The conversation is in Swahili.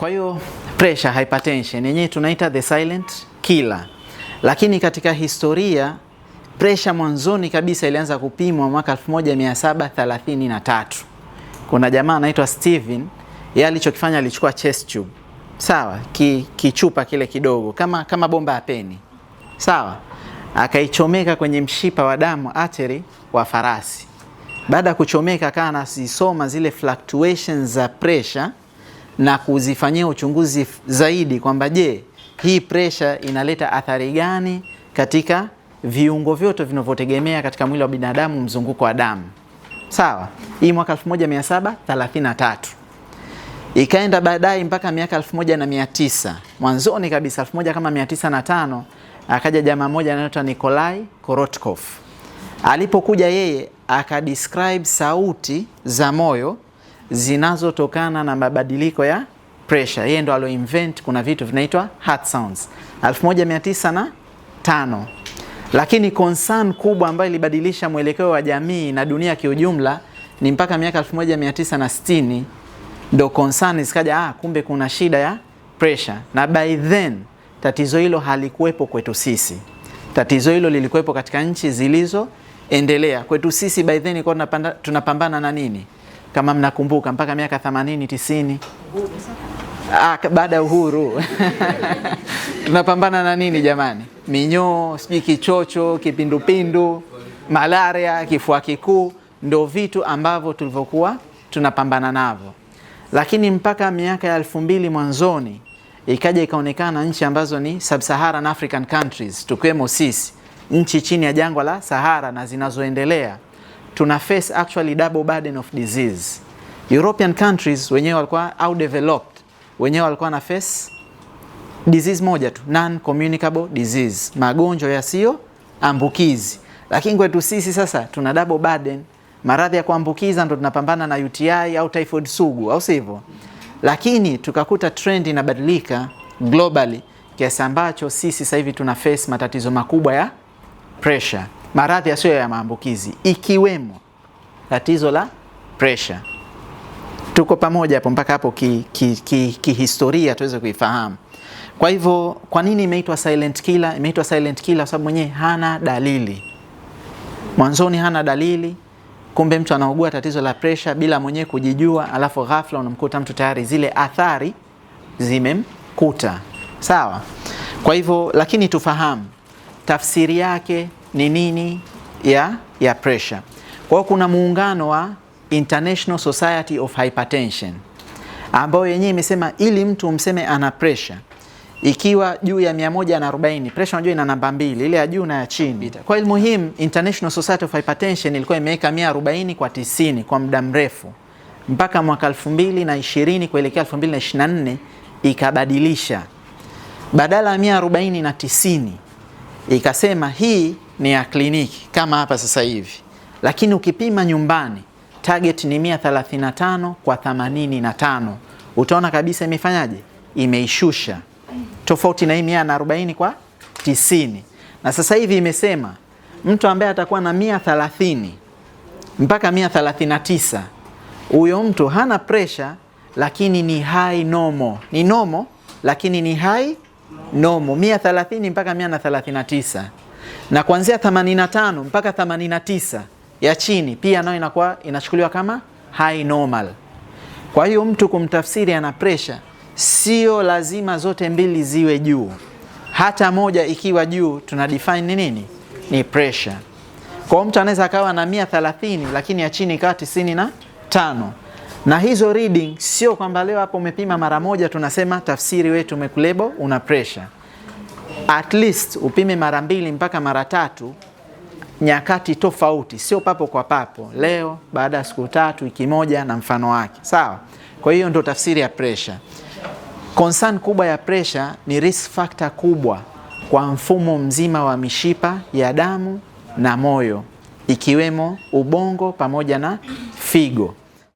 Kwa hiyo pressure, hypertension yenyewe tunaita the silent killer, lakini katika historia pressure mwanzoni kabisa ilianza kupimwa mwaka 1733. Kuna jamaa anaitwa Stephen, yeye alichokifanya alichukua chest tube, sawa, ki, kichupa kile kidogo kama, kama bomba ya peni, sawa, akaichomeka kwenye mshipa wa damu artery wa farasi. Baada ya kuchomeka, akawa anazisoma zile fluctuations za pressure na kuzifanyia uchunguzi zaidi kwamba je, hii presha inaleta athari gani katika viungo vyote vinavyotegemea katika mwili wa binadamu mzunguko wa damu. Sawa, hii mwaka 1733 ikaenda baadaye mpaka miaka 1900 mwanzoni kabisa 1905 akaja jamaa mmoja anaitwa Nikolai Korotkov. Alipokuja yeye akadescribe sauti za moyo zinazotokana na mabadiliko ya pressure. Yeye ndo alo kuna vitu vinaitwa heart sounds 1905. Lakini concern kubwa ambayo ilibadilisha mwelekeo wa jamii na dunia kiujumla ni mpaka miaka 1960 ndo concern zikaja, ah, kumbe kuna shida ya pressure, na by then tatizo hilo halikuwepo kwetu sisi. Tatizo hilo lilikuwepo katika nchi zilizoendelea. Kwetu sisi by then ilikuwa tunapambana na nini? kama mnakumbuka, mpaka miaka 80 90 ah, baada ya uhuru tunapambana na nini jamani? Minyoo, sijui kichocho, kipindupindu, malaria, kifua kikuu, ndo vitu ambavyo tulivyokuwa tunapambana navyo, lakini mpaka miaka ya elfu mbili mwanzoni ikaja ikaonekana nchi ambazo ni sub-Saharan African countries tukiwemo sisi nchi chini ya jangwa la Sahara na zinazoendelea tuna face actually double burden of disease. European countries wenyewe walikuwa au developed wenyewe walikuwa na face disease moja tu, non communicable disease, magonjwa yasiyo ambukizi. Lakini kwetu sisi sasa tuna double burden, maradhi ya kuambukiza ndo tunapambana na UTI au typhoid sugu, au sivyo? Lakini tukakuta trend inabadilika globally kiasi ambacho sisi sasa hivi tuna face matatizo makubwa ya pressure maradhi yasiyo ya maambukizi ikiwemo tatizo la presha. Tuko pamoja hapo mpaka hapo kihistoria ki, ki, ki tuweze kuifahamu. Kwa hivyo kwa nini imeitwa silent killer? Imeitwa silent killer kwa sababu mwenyewe hana dalili, mwanzoni hana dalili, kumbe mtu anaugua tatizo la presha bila mwenyewe kujijua, alafu ghafla unamkuta mtu tayari zile athari zimemkuta. Sawa. Kwa hivyo, lakini tufahamu tafsiri yake ni nini ya, ya pressure. Kwa hiyo kuna muungano wa International Society of Hypertension ambayo yenyewe imesema ili mtu umseme ana pressure ikiwa juu ya 140 pressure, unajua ina namba mbili, ile ya juu na ya chini. Kwa hiyo muhimu, International Society of Hypertension ilikuwa imeweka 140 kwa 90 kwa muda mrefu mpaka mwaka 2020 kuelekea 2024 ikabadilisha, badala ya 140 na 90 ikasema hii ni ya kliniki kama hapa sasa hivi, lakini ukipima nyumbani target ni 135 kwa 85, utaona kabisa imefanyaje, imeishusha tofauti na hii 140 kwa 90. Na sasa hivi imesema mtu ambaye atakuwa na 130 mpaka 139, huyo mtu hana pressure, lakini ni high normal, ni normal lakini ni high normal, 130 mpaka 139 na kuanzia 85 mpaka 89 ya chini pia nayo inakuwa inachukuliwa kama high normal. Kwa hiyo mtu kumtafsiri ana pressure, sio lazima zote mbili ziwe juu. Hata moja ikiwa juu tuna define ni nini? Ni pressure. Kwa mtu anaweza akawa na 130 lakini ya chini ikawa 95 na tano na hizo reading sio kwamba leo hapo umepima mara moja tunasema tafsiri wetu umekulebo una pressure at least upime mara mbili mpaka mara tatu nyakati tofauti, sio papo kwa papo, leo baada ya siku tatu, wiki moja na mfano wake, sawa. Kwa hiyo ndio tafsiri ya pressure. Concern kubwa ya pressure ni risk factor kubwa kwa mfumo mzima wa mishipa ya damu na moyo, ikiwemo ubongo pamoja na figo.